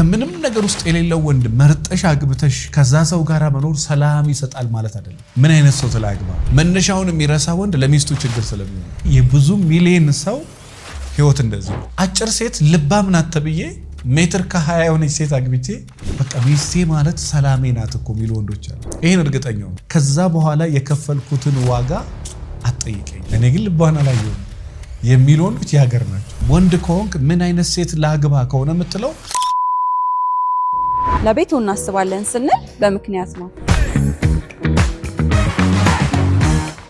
ከምንም ነገር ውስጥ የሌለው ወንድ መርጠሽ አግብተሽ ከዛ ሰው ጋር መኖር ሰላም ይሰጣል ማለት አይደለም። ምን አይነት ሰው ስላግባ መነሻውን የሚረሳ ወንድ ለሚስቱ ችግር ስለሚሆን የብዙ ሚሊዮን ሰው ህይወት እንደዚህ ነው። አጭር ሴት ልባም ናት ተብዬ ሜትር ከሀያ የሆነች ሴት አግብቼ በቃ ሚስቴ ማለት ሰላሜ ናት እኮ የሚሉ ወንዶች አሉ። ይህን እርግጠኛው ነው። ከዛ በኋላ የከፈልኩትን ዋጋ አትጠይቀኝ፣ እኔ ግን ልቧን አላየሁም የሚሉ ወንዶች የሀገር ናቸው። ወንድ ከሆንክ ምን አይነት ሴት ላግባ ከሆነ የምትለው ለቤቱ እናስባለን ስንል በምክንያት ነው።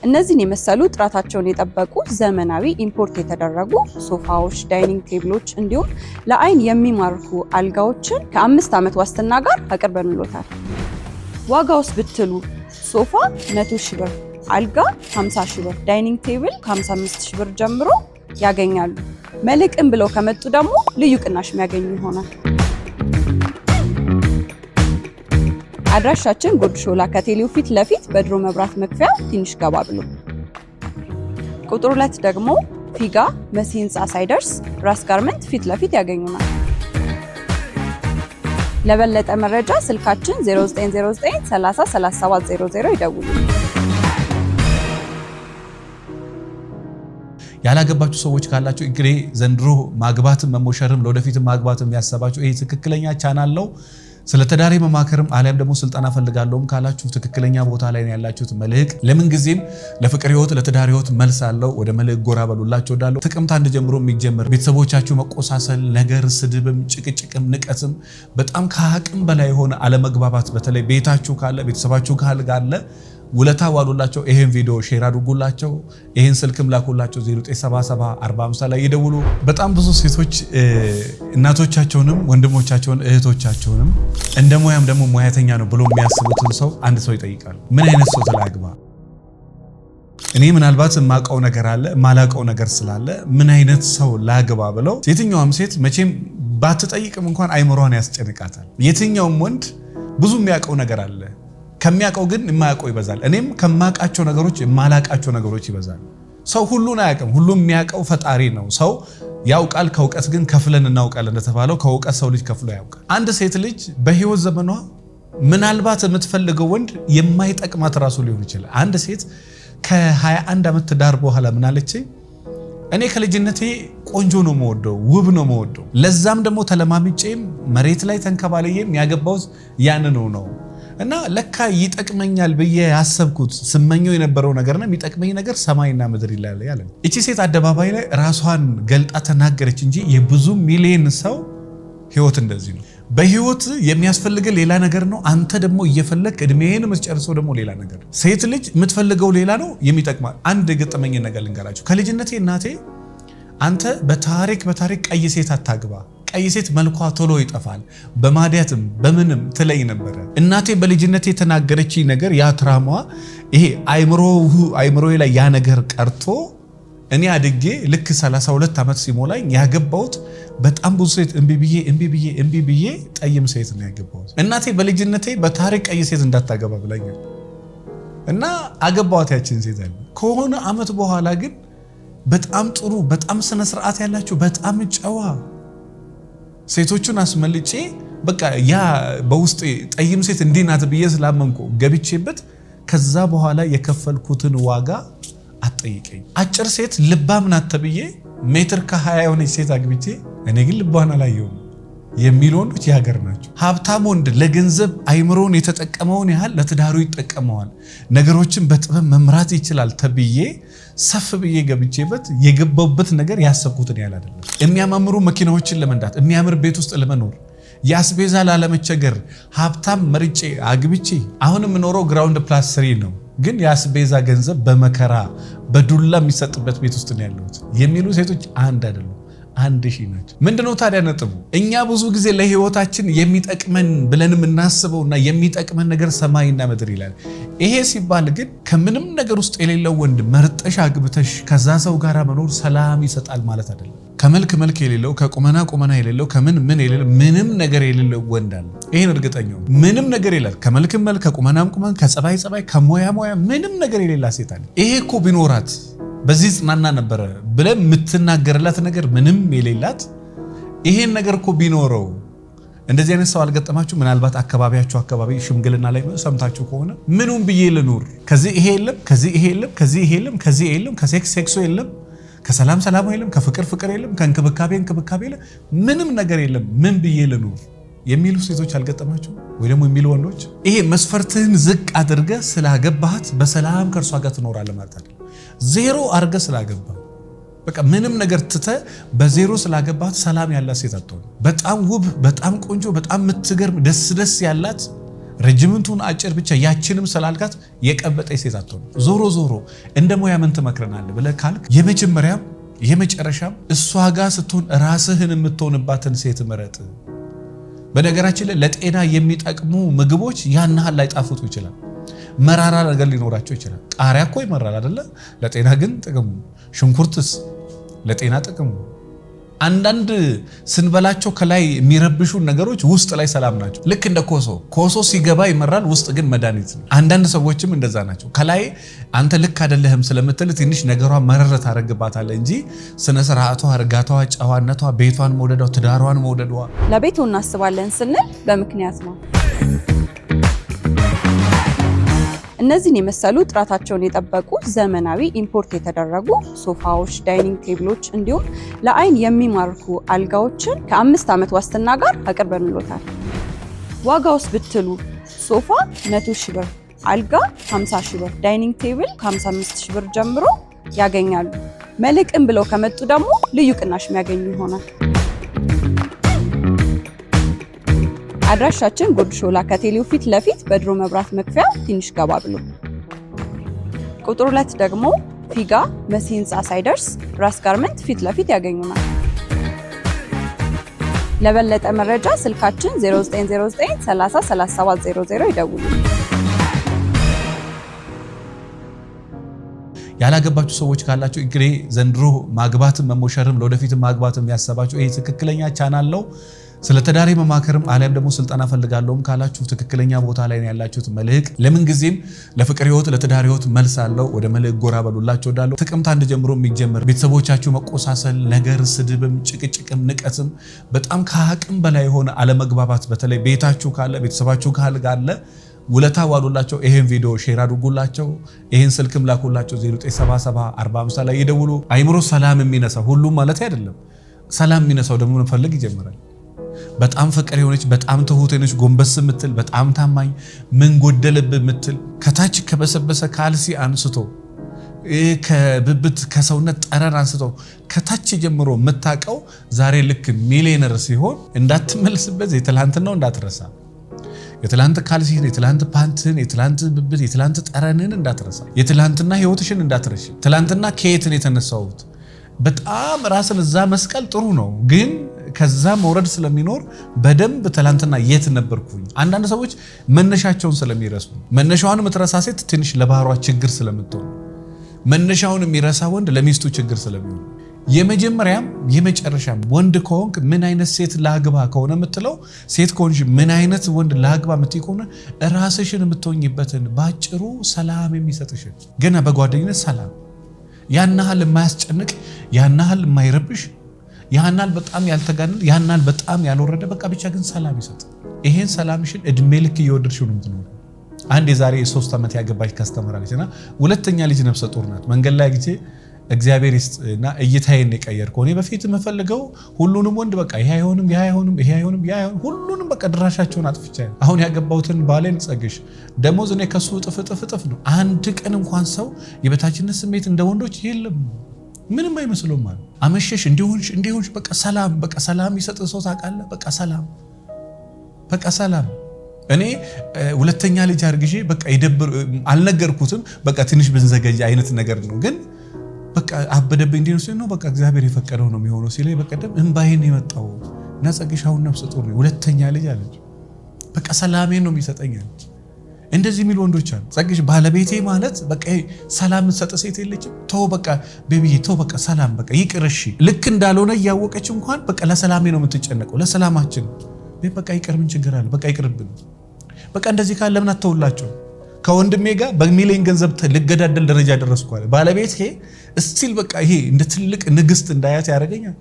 እነዚህን የመሰሉ ጥራታቸውን የጠበቁ ዘመናዊ ኢምፖርት የተደረጉ ሶፋዎች፣ ዳይኒንግ ቴብሎች እንዲሁም ለአይን የሚማርኩ አልጋዎችን ከአምስት ዓመት ዋስትና ጋር አቅርበንሎታል። ዋጋውስ ብትሉ ሶፋ 100 ሺ ብር፣ አልጋ 50 ሺ ብር፣ ዳይኒንግ ቴብል ከ55 ሺ ብር ጀምሮ ያገኛሉ። መልሕቅን ብለው ከመጡ ደግሞ ልዩ ቅናሽ የሚያገኙ ይሆናል። አድራሻችን ጉርድ ሾላ ከቴሌው ፊት ለፊት በድሮ መብራት መክፈያ ትንሽ ገባ ብሎ፣ ቁጥር ሁለት ደግሞ ፊጋ መሲ ህንፃ ሳይደርስ ራስ ጋርመንት ፊት ለፊት ያገኙናል። ለበለጠ መረጃ ስልካችን 0909 30 ያላገባችሁ ሰዎች ካላችሁ እንግዲህ ዘንድሮ ማግባትም መሞሸርም ለወደፊት ማግባትም ያሰባችሁ ይህ ትክክለኛ ቻናል ነው። ስለ ትዳሬ መማከርም አሊያም ደግሞ ስልጠና ፈልጋለሁም ካላችሁ ትክክለኛ ቦታ ላይ ያላችሁት። መልህቅ ለምን ጊዜም ለፍቅር ህይወት ለትዳር ህይወት መልስ አለው። ወደ መልህቅ ጎራ በሉላቸው እወዳለሁ። ጥቅምት አንድ ጀምሮ የሚጀምር ቤተሰቦቻችሁ መቆሳሰል፣ ነገር፣ ስድብም፣ ጭቅጭቅም፣ ንቀትም በጣም ከአቅም በላይ የሆነ አለመግባባት በተለይ ቤታችሁ ካለ ቤተሰባችሁ ካለ ውለታ ዋሉላቸው። ይህን ቪዲዮ ሼር አድርጉላቸው። ይሄን ስልክም ላኩላቸው። 0977 ላይ ይደውሉ። በጣም ብዙ ሴቶች እናቶቻቸውንም ወንድሞቻቸውን እህቶቻቸውንም እንደ ሙያም ደግሞ ሙያተኛ ነው ብሎ የሚያስቡትን ሰው አንድ ሰው ይጠይቃል። ምን አይነት ሰው ትላግባ? እኔ ምናልባት የማውቀው ነገር አለ የማላውቀው ነገር ስላለ ምን አይነት ሰው ላግባ ብለው የትኛውም ሴት መቼም ባትጠይቅም እንኳን አይምሯን ያስጨንቃታል። የትኛውም ወንድ ብዙ የሚያውቀው ነገር አለ ከሚያውቀው ግን የማያውቀው ይበዛል። እኔም ከማውቃቸው ነገሮች የማላውቃቸው ነገሮች ይበዛል። ሰው ሁሉን አያውቅም። ሁሉም የሚያውቀው ፈጣሪ ነው። ሰው ያውቃል፣ ከእውቀት ግን ከፍለን እናውቃለን እንደተባለው ከእውቀት ሰው ልጅ ከፍሎ ያውቃል። አንድ ሴት ልጅ በህይወት ዘመኗ ምናልባት የምትፈልገው ወንድ የማይጠቅማት ራሱ ሊሆን ይችላል። አንድ ሴት ከ21 ዓመት ትዳር በኋላ ምናለች እኔ ከልጅነቴ ቆንጆ ነው መወደው፣ ውብ ነው መወደው፣ ለዛም ደግሞ ተለማምጬም መሬት ላይ ተንከባለዬም ያገባውት ያንኑ ነው እና ለካ ይጠቅመኛል ብዬ ያሰብኩት ስመኘው የነበረው ነገር ነው የሚጠቅመኝ ነገር ሰማይና ምድር ይላል ያለ። እቺ ሴት አደባባይ ላይ ራሷን ገልጣ ተናገረች እንጂ የብዙ ሚሊየን ሰው ህይወት እንደዚህ ነው። በህይወት የሚያስፈልገ ሌላ ነገር ነው። አንተ ደግሞ እየፈለግ እድሜህን የምትጨርሰው ደግሞ ሌላ ነገር። ሴት ልጅ የምትፈልገው ሌላ ነው የሚጠቅማል። አንድ የገጠመኝ ነገር ልንገራቸው። ከልጅነቴ እናቴ አንተ በታሪክ በታሪክ ቀይ ሴት አታግባ ቀይ ሴት መልኳ ቶሎ ይጠፋል፣ በማዲያትም በምንም ትለይ ነበረ። እናቴ በልጅነት የተናገረች ነገር ያ ትራሟ ይሄ አይምሮ ላይ ያ ነገር ቀርቶ እኔ አድጌ ልክ 32 ዓመት ሲሞላኝ ያገባሁት በጣም ብዙ ሴት እምቢ ብዬ እምቢ ብዬ እምቢ ብዬ ጠይም ሴት ነው ያገባሁት። እናቴ በልጅነቴ በታሪክ ቀይ ሴት እንዳታገባ ብላኛል እና አገባዋት ያችን ሴት ያለ ከሆነ ዓመት በኋላ ግን በጣም ጥሩ በጣም ስነስርዓት ያላቸው በጣም ጨዋ ሴቶቹን አስመልጬ በቃ ያ በውስጤ ጠይም ሴት እንዲህ ናት ብዬ ስላመንኩ ገብቼበት ከዛ በኋላ የከፈልኩትን ዋጋ አትጠይቀኝ። አጭር ሴት ልባም ናት ተብዬ ሜትር ከሀያ የሆነች ሴት አግብቼ እኔ ግን ልቧን አላየውም የሚሉ ወንዶች የሀገር ናቸው። ሀብታም ወንድ ለገንዘብ አይምሮውን የተጠቀመውን ያህል ለትዳሩ ይጠቀመዋል። ነገሮችን በጥበብ መምራት ይችላል ተብዬ ሰፍ ብዬ ገብቼበት የገባውበት ነገር ያሰብኩትን ያህል አይደለም። የሚያማምሩ መኪናዎችን ለመንዳት፣ የሚያምር ቤት ውስጥ ለመኖር፣ የአስቤዛ ላለመቸገር ሀብታም መርጬ አግብቼ አሁን የምኖረው ግራውንድ ፕላስ ስሪ ነው። ግን የአስቤዛ ገንዘብ በመከራ በዱላ የሚሰጥበት ቤት ውስጥ ነው ያለሁት የሚሉ ሴቶች አንድ አይደሉም። አንድ ሺህ ናቸው። ምንድነው ታዲያ ነጥቡ? እኛ ብዙ ጊዜ ለህይወታችን የሚጠቅመን ብለን የምናስበው እና የሚጠቅመን ነገር ሰማይና ምድር ይላል። ይሄ ሲባል ግን ከምንም ነገር ውስጥ የሌለው ወንድ መርጠሽ አግብተሽ ከዛ ሰው ጋር መኖር ሰላም ይሰጣል ማለት አይደለም። ከመልክ መልክ የሌለው ከቁመና ቁመና የሌለው ከምን ምን የሌለ ምንም ነገር የሌለው ወንድ አለ። ይህን እርግጠኛው ምንም ነገር የላት ከመልክ መልክ ከቁመናም ቁመን ከጸባይ ጸባይ ከሞያ ሞያ ምንም ነገር የሌላ ሴት አለ። ይሄ እኮ ቢኖራት በዚህ ጽናና ነበረ ብለ የምትናገርላት ነገር ምንም የሌላት ይሄን ነገር እኮ ቢኖረው እንደዚህ አይነት ሰው አልገጠማችሁ? ምናልባት አካባቢያችሁ አካባቢ ሽምግልና ላይ ሰምታችሁ ከሆነ ምኑም ብዬ ልኑር፣ ከዚህ ይሄ የለም፣ ከዚህ ይሄ የለም፣ ከዚህ ይሄ የለም፣ ከዚህ የለም፣ ከሴክስ ሴክሶ የለም፣ ከሰላም ሰላሙ የለም፣ ከፍቅር ፍቅር የለም፣ ከእንክብካቤ እንክብካቤ የለም፣ ምንም ነገር የለም፣ ምን ብዬ ልኑር የሚሉ ሴቶች አልገጠማችሁ? ወይ ደግሞ የሚሉ ወንዶች ይሄ መስፈርትህን ዝቅ አድርገህ ስላገባሃት በሰላም ከእርሷ ጋር ትኖራለህ ማለት አይደለም። ዜሮ አርገ ስላገባ በቃ ምንም ነገር ትተ በዜሮ ስላገባት ሰላም ያላት ሴት አትሆን። በጣም ውብ፣ በጣም ቆንጆ፣ በጣም የምትገርም ደስ ደስ ያላት ረጅምንቱን አጭር ብቻ ያችንም ስላልካት የቀበጠ ሴት አትሆን። ዞሮ ዞሮ እንደ ሙያ ምን ትመክረናል ብለ ካልክ የመጀመሪያም የመጨረሻም እሷ ጋር ስትሆን ራስህን የምትሆንባትን ሴት ምረጥ። በነገራችን ላይ ለጤና የሚጠቅሙ ምግቦች ያን ያህል ላይጣፍጡ ይችላል። መራራ ነገር ሊኖራቸው ይችላል። ቃሪያ እኮ ይመራል አደለ? ለጤና ግን ጥቅሙ፣ ሽንኩርትስ ለጤና ጥቅሙ። አንዳንድ ስንበላቸው ከላይ የሚረብሹ ነገሮች ውስጥ ላይ ሰላም ናቸው። ልክ እንደ ኮሶ ኮሶ ሲገባ ይመራል፣ ውስጥ ግን መድኃኒት ነው። አንዳንድ ሰዎችም እንደዛ ናቸው። ከላይ አንተ ልክ አይደለህም ስለምትል ትንሽ ነገሯ መረረ ታደርግባታለህ እንጂ ስነ ስርዓቷ፣ እርጋቷ፣ ጨዋነቷ፣ ቤቷን መውደዷ፣ ትዳሯን መውደዷ ለቤቱ እናስባለን ስንል በምክንያት ነው። እነዚህን የመሰሉ ጥራታቸውን የጠበቁ ዘመናዊ ኢምፖርት የተደረጉ ሶፋዎች፣ ዳይኒንግ ቴብሎች እንዲሁም ለአይን የሚማርኩ አልጋዎችን ከአምስት ዓመት ዋስትና ጋር አቅርበንሎታል። ዋጋ ውስጥ ብትሉ ሶፋ 100 ሺ ብር፣ አልጋ 50 ሺ ብር፣ ዳይኒንግ ቴብል ከ55 ሺ ብር ጀምሮ ያገኛሉ። መልሕቅን ብለው ከመጡ ደግሞ ልዩ ቅናሽ የሚያገኙ ይሆናል። አድራሻችን ጉርድ ሾላ ከቴሌው ፊት ለፊት በድሮ መብራት መክፈያ ትንሽ ገባ ብሎ፣ ቁጥር ሁለት ደግሞ ፊጋ መሲ ህንፃ ሳይደርስ ራስ ጋርመንት ፊት ለፊት ያገኙናል። ለበለጠ መረጃ ስልካችን 0909303700 ይደውሉ። ያላገባችሁ ሰዎች ካላችሁ እግሬ ዘንድሮ ማግባትም መሞሸርም ለወደፊት ማግባትም ያሰባችሁ ይህ ትክክለኛ ቻናል ነው። ስለ ተዳሪ መማከርም አሊያም ደግሞ ስልጠና ፈልጋለሁም ካላችሁ ትክክለኛ ቦታ ላይ ያላችሁት መልህቅ ለምን ጊዜም ለፍቅር ህይወት፣ ለትዳር ህይወት መልስ አለው። ወደ መልህቅ ጎራ በሉላቸው። ዳለው ጥቅምት አንድ ጀምሮ የሚጀምር ቤተሰቦቻችሁ መቆሳሰል፣ ነገር፣ ስድብም፣ ጭቅጭቅም፣ ንቀትም በጣም ከአቅም በላይ የሆነ አለመግባባት በተለይ ቤታችሁ ካለ ቤተሰባችሁ ካል ጋለ ውለታ ዋሉላቸው። ይህን ቪዲዮ ሼር አድርጉላቸው። ይህን ስልክም ላኩላቸው 097745 ላይ ይደውሉ። አይምሮ ሰላም የሚነሳው ሁሉም ማለት አይደለም፣ ሰላም የሚነሳው ደግሞ ፈልግ ይጀምራል። በጣም ፍቅር የሆነች በጣም ትሁት የሆነች ጎንበስ የምትል በጣም ታማኝ ምን ጎደለብ የምትል ከታች ከበሰበሰ ካልሲ አንስቶ ከብብት ከሰውነት ጠረን አንስቶ ከታች ጀምሮ የምታውቀው ዛሬ ልክ ሚሊዮነር ሲሆን እንዳትመለስበት ነው እንዳትረሳ የትላንት ካልሲህን፣ የትላንት ፓንትህን፣ የትላንት ብብት፣ የትላንት ጠረንህን እንዳትረሳ፣ የትላንትና ህይወትሽን እንዳትረሽ። ትላንትና ከየትን የተነሳሁት በጣም ራስን እዛ መስቀል ጥሩ ነው ግን ከዛ መውረድ ስለሚኖር በደንብ ትላንትና የት ነበርኩኝ። አንዳንድ ሰዎች መነሻቸውን ስለሚረሱ መነሻውን የምትረሳ ሴት ትንሽ ለባህሯ ችግር ስለምትሆን፣ መነሻውን የሚረሳ ወንድ ለሚስቱ ችግር ስለሚሆን፣ የመጀመሪያም የመጨረሻም ወንድ ከሆንክ ምን አይነት ሴት ላግባ ከሆነ የምትለው ሴት ከሆንሽ ምን አይነት ወንድ ላግባ የምትይ ከሆነ ራስሽን የምትሆኝበትን ባጭሩ ሰላም የሚሰጥሽን ገና በጓደኝነት ሰላም ያን የማያስጨንቅ ያን የማይረብሽ ያህናል በጣም ያልተጋነን ያህናል በጣም ያልወረደ በቃ ብቻ ግን ሰላም ይሰጥ። ይሄን ሰላምሽን እድሜ ልክ እየወደድሽው ነው የምትኖር። አንድ የዛሬ የሶስት ዓመት ያገባች ካስተምራለች እና ሁለተኛ ልጅ ነፍሰ ጡር ናት። መንገድ ላይ ጊዜ እግዚአብሔር ይስጥ እና እይታዬን የቀየር ከሆነ በፊት የምፈልገው ሁሉንም ወንድ በቃ ይሄ አይሆንም፣ ይሄ አይሆንም፣ ይሄ አይሆንም፣ ይሄ አይሆንም፣ ሁሉንም በቃ ድራሻቸውን አጥፍቻ። አሁን ያገባሁትን ባሌን ጸግሽ ደሞዝ እኔ ከሱ እጥፍ እጥፍ እጥፍ ነው። አንድ ቀን እንኳን ሰው የበታችነት ስሜት እንደ ወንዶች የለም። ነው ምንም አይመስለውም አለ። አመሸሽ እንዲሆንሽ እንዲሆንሽ በቃ ሰላም በቃ ሰላም ይሰጥ ሰው ታውቃለህ። በቃ ሰላም በቃ ሰላም እኔ ሁለተኛ ልጅ አርግዤ በቃ ይደብር አልነገርኩትም። በቃ ትንሽ ብንዘገጅ አይነት ነገር ነው ግን በቃ አበደብኝ እንዲህ ነው። በቃ እግዚአብሔር የፈቀደው ነው የሚሆነው ሲለኝ በቀደም እንባዬን የመጣው እና ጸግሽ አሁን ነፍሰ ጡር ነው ሁለተኛ ልጅ አለች። በቃ ሰላሜን ነው የሚሰጠኝ አለች። እንደዚህ የሚሉ ወንዶች አሉ። ጸግሽ ባለቤቴ ማለት በቃ ሰላም ሰጠ ሴት የለችም። ተው በቃ ቤቢዬ ተው በቃ ሰላም በቃ ይቅርሽ። ልክ እንዳልሆነ እያወቀች እንኳን በቃ ለሰላሜ ነው የምትጨነቀው፣ ለሰላማችን በቃ ይቅር፣ ምን ችግር አለ? በቃ ይቅርብን። በቃ እንደዚህ ካለ ለምን አተውላቸው ከወንድሜ ጋር በሚሊዮን ገንዘብ ልገዳደል ደረጃ ደረስኳል። ባለቤት ይሄ እስቲል በቃ ይሄ እንደ ትልቅ ንግስት እንዳያት ያደረገኛል።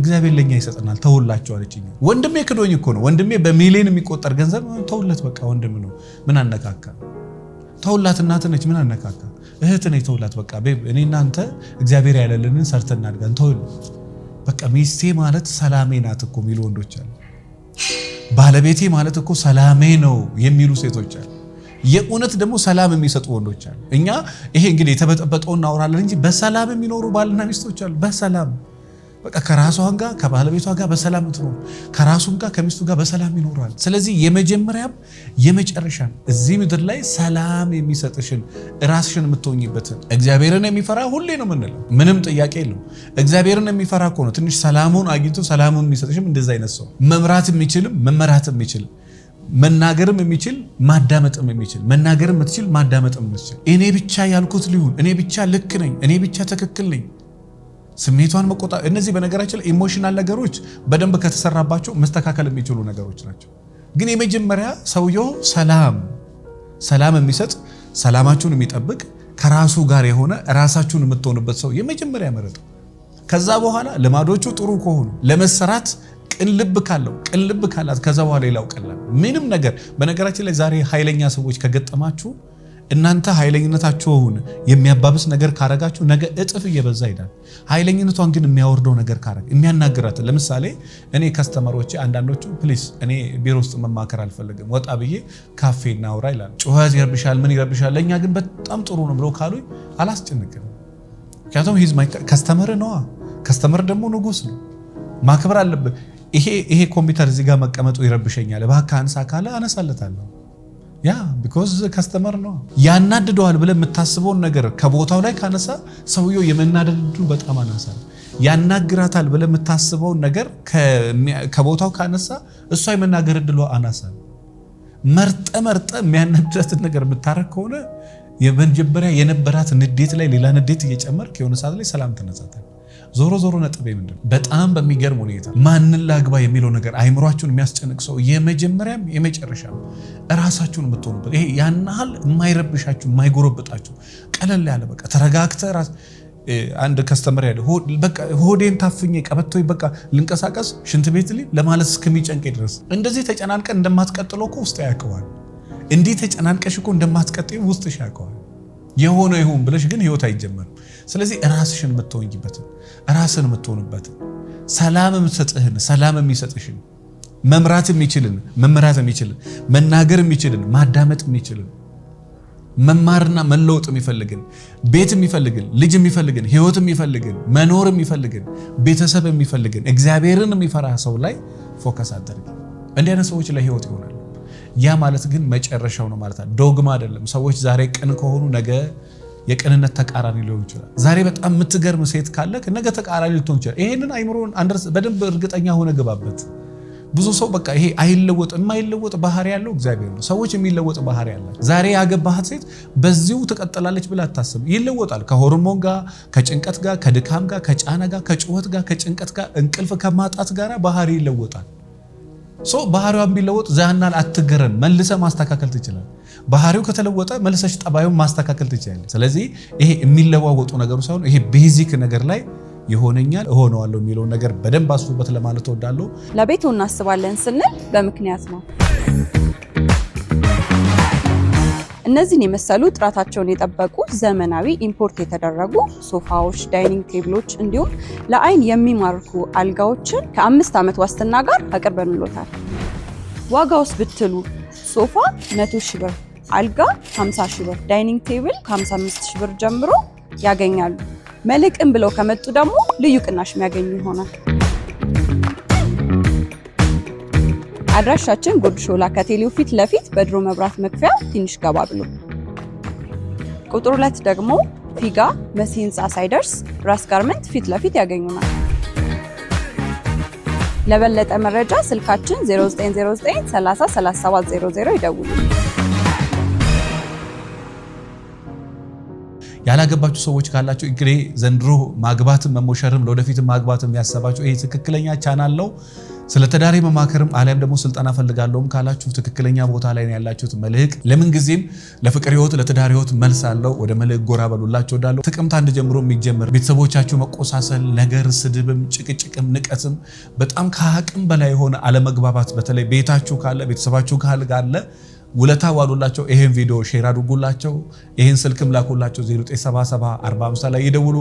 እግዚአብሔር ለኛ ይሰጠናል ተውላቸው አለችኝ። ወንድሜ ክዶኝ እኮ ነው። ወንድሜ በሚሊዮን የሚቆጠር ገንዘብ ተውለት፣ በቃ ወንድም ነው፣ ምን አነካካ? ተውላት፣ እናት ነች፣ ምን አነካካ? እህት ነች፣ ተውላት፣ በቃ እኔ እናንተ እግዚአብሔር ያለልንን ሰርተን እናድጋን፣ ተውል በቃ። ሚስቴ ማለት ሰላሜ ናት እኮ የሚሉ ወንዶች አሉ። ባለቤቴ ማለት እኮ ሰላሜ ነው የሚሉ ሴቶች አሉ። የእውነት ደግሞ ሰላም የሚሰጡ ወንዶች አሉ። እኛ ይሄ እንግዲህ የተበጠበጠውን እናወራለን እንጂ በሰላም የሚኖሩ ባልና ሚስቶች አሉ። በሰላም በቃ ከራሷን ጋር ከባለቤቷ ጋር በሰላም ትኖር፣ ከራሱም ጋር ከሚስቱ ጋር በሰላም ይኖራል። ስለዚህ የመጀመሪያም የመጨረሻም እዚህ ምድር ላይ ሰላም የሚሰጥሽን ራስሽን የምትሆኝበትን እግዚአብሔርን የሚፈራ ሁሌ ነው የምንለው፣ ምንም ጥያቄ የለም። እግዚአብሔርን የሚፈራ ከሆነ ትንሽ ሰላሙን አግኝቶ ሰላሙን የሚሰጥሽም እንደዛ አይነት ሰው መምራት የሚችልም መመራት የሚችልም መናገርም የሚችል ማዳመጥም የሚችል መናገርም የምትችል ማዳመጥም የምትችል እኔ ብቻ ያልኩት ሊሁን፣ እኔ ብቻ ልክ ነኝ፣ እኔ ብቻ ትክክል ነኝ፣ ስሜቷን መቆጣ እነዚህ በነገራችን ላይ ኢሞሽናል ነገሮች በደንብ ከተሰራባቸው መስተካከል የሚችሉ ነገሮች ናቸው። ግን የመጀመሪያ ሰውየው ሰላም ሰላም የሚሰጥ ሰላማችሁን የሚጠብቅ ከራሱ ጋር የሆነ ራሳችሁን የምትሆንበት ሰው የመጀመሪያ መረጡ። ከዛ በኋላ ልማዶቹ ጥሩ ከሆኑ ለመሰራት ቅን ልብ ካለው ቅን ልብ ካላት ከዛ በኋላ ሌላው ቀላል ምንም ነገር። በነገራችን ላይ ዛሬ ኃይለኛ ሰዎች ከገጠማችሁ እናንተ ኃይለኝነታችሁን የሚያባብስ ነገር ካረጋችሁ ነገ እጥፍ እየበዛ ይሄዳል። ኃይለኝነቷን ግን የሚያወርደው ነገር ካረግ የሚያናግራት። ለምሳሌ እኔ ከስተመሮቼ አንዳንዶቹ ፕሊስ እኔ ቢሮ ውስጥ መማከር አልፈልግም ወጣ ብዬ ካፌ እናውራ ይላል። ጩኸት ይረብሻል፣ ምን ይረብሻል፣ ለእኛ ግን በጣም ጥሩ ነው ብለው ካሉ አላስጨንቅም። ምክንያቱም ከስተመር ነዋ። ከስተመር ደግሞ ንጉስ ነው፣ ማክበር አለብህ። ይሄ ይሄ ኮምፒውተር እዚህ ጋር መቀመጡ ይረብሸኛል፣ እባክህ አንሳ ካለ አነሳለታለሁ። ያ ቢኮዝ ከስተመር ነው። ያናድደዋል ብለህ የምታስበውን ነገር ከቦታው ላይ ካነሳ ሰውየው የመናደዱ በጣም አናሳል። ያናግራታል ብለህ የምታስበውን ነገር ከቦታው ካነሳ እሷ የመናገር እድሏ አናሳል። መርጠ መርጠ የሚያናድዳትን ነገር የምታረግ ከሆነ የመጀመሪያ የነበራት ንዴት ላይ ሌላ ንዴት እየጨመርክ የሆነ ሰዓት ላይ ሰላም ትነሳታል። ዞሮ ዞሮ ነጥቤ ምንድን በጣም በሚገርም ሁኔታ ማንን ላግባ የሚለው ነገር አይምሯችሁን የሚያስጨንቅ ሰው የመጀመሪያም የመጨረሻም እራሳችሁን የምትሆኑበት ይሄ ያን ያህል የማይረብሻችሁ የማይጎረብጣችሁ ቀለል ያለ በቃ ተረጋግተ አንድ ከስተመር ያለ ሆዴን ታፍኝ ቀበቶ በቃ ልንቀሳቀስ ሽንት ቤት ሊ ለማለት እስከሚጨንቅ ድረስ እንደዚህ ተጨናንቀ እንደማትቀጥለው እኮ ውስጥ ያውቀዋል። እንዲህ ተጨናንቀሽ እኮ እንደማትቀጥ ውስጥ ያውቀዋል። የሆነ ይሁን ብለሽ ግን ህይወት አይጀመርም። ስለዚህ ራስሽን የምትወኝበትን ራስን የምትሆንበትን ሰላም የምትሰጥህን ሰላም የሚሰጥሽን መምራት የሚችልን መምራት የሚችልን መናገር የሚችልን ማዳመጥ የሚችልን መማርና መለወጥ የሚፈልግን ቤት የሚፈልግን ልጅ የሚፈልግን ህይወት የሚፈልግን መኖር የሚፈልግን ቤተሰብ የሚፈልግን እግዚአብሔርን የሚፈራ ሰው ላይ ፎከስ አደርግ እንዲህ አይነት ሰዎች ላይ ህይወት ይሆናል። ያ ማለት ግን መጨረሻው ነው ማለት ዶግማ አይደለም። ሰዎች ዛሬ ቅን ከሆኑ ነገ የቅንነት ተቃራኒ ሊሆን ይችላል። ዛሬ በጣም የምትገርም ሴት ካለ ነገ ተቃራኒ ልትሆን ይችላል። ይሄንን አይምሮን በደንብ እርግጠኛ ሆነ ግባበት። ብዙ ሰው በቃ ይሄ አይለወጥ የማይለወጥ ባህሪ ያለው እግዚአብሔር ነው። ሰዎች የሚለወጥ ባህሪ ያላቸው። ዛሬ ያገባሃት ሴት በዚሁ ትቀጥላለች ብላ አታስብ። ይለወጣል። ከሆርሞን ጋር፣ ከጭንቀት ጋር፣ ከድካም ጋር፣ ከጫና ጋር፣ ከጩኸት ጋር፣ ከጭንቀት ጋር፣ እንቅልፍ ከማጣት ጋር ባህሪ ይለወጣል። ሰው ባህሪዋን ቢለወጥ ዛናል አትገረን መልሰ ማስተካከል ትችላል። ባህሪው ከተለወጠ መልሰሽ ጠባዩን ማስተካከል ትችላለች። ስለዚህ ይሄ የሚለዋወጡ ነገሩ ሳይሆን ይሄ ቤዚክ ነገር ላይ ይሆነኛል እሆነዋለሁ የሚለውን ነገር በደንብ አስቡበት ለማለት እወዳለሁ። ለቤቱ እናስባለን ስንል በምክንያት ነው። እነዚህን የመሰሉ ጥራታቸውን የጠበቁ ዘመናዊ ኢምፖርት የተደረጉ ሶፋዎች፣ ዳይኒንግ ቴብሎች እንዲሁም ለአይን የሚማርኩ አልጋዎችን ከአምስት ዓመት ዋስትና ጋር አቅርበንሎታል። ዋጋውስ ብትሉ ሶፋ መቶ ሺህ ብር አልጋ 50 ሺህ ብር፣ ዳይኒንግ ቴብል ከ55 ሺህ ብር ጀምሮ ያገኛሉ። መልሕቅን ብለው ከመጡ ደግሞ ልዩ ቅናሽ የሚያገኙ ይሆናል። አድራሻችን ጉርድ ሾላ ከቴሌው ፊት ለፊት በድሮ መብራት መክፈያ ትንሽ ገባ ብሎ ቁጥር ሁለት ደግሞ ፊጋ መሲ ህንፃ ሳይደርስ ራስ ጋርመንት ፊት ለፊት ያገኙናል። ለበለጠ መረጃ ስልካችን 0909 30 00 ይደውሉ። ያላገባችሁ ሰዎች ካላችሁ እግሬ ዘንድሮ ማግባትም መሞሸርም ለወደፊት ማግባትም ያሰባችሁ ይህ ትክክለኛ ቻናል ነው። ስለ ተዳሪ መማከርም አሊያም ደግሞ ስልጠና ፈልጋለሁም ካላችሁ ትክክለኛ ቦታ ላይ ያላችሁት። መልህቅ። ለምን ለፍቅር ህይወት ለተዳሪ ህይወት መልስ አለው። ወደ መልህቅ ጎራ በሉላቸው ወዳለሁ ጥቅምት አንድ ጀምሮ የሚጀምር ቤተሰቦቻችሁ መቆሳሰል፣ ነገር፣ ስድብም፣ ጭቅጭቅም፣ ንቀትም በጣም ከአቅም በላይ የሆነ አለመግባባት በተለይ ቤታችሁ ካለ ቤተሰባችሁ ካለ ውለታ ዋሉላቸው። ይሄን ቪዲዮ ሼር አድርጉላቸው። ይህን ስልክም ላኩላቸው። 0977 45 ላይ ይደውሉ።